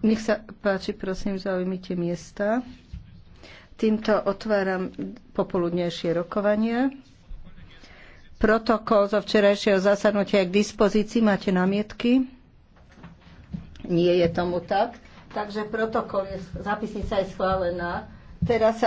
Nech sa páči, prosím, zaujmite miesta. Týmto otváram popoludnejšie rokovanie. Protokol zo včerajšieho zasadnutia k dispozícii. Máte námietky? Nie je tomu tak. Takže protokol je, zapisnica je schválená. Teraz sa